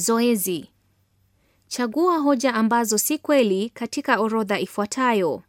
Zoezi: chagua hoja ambazo si kweli katika orodha ifuatayo.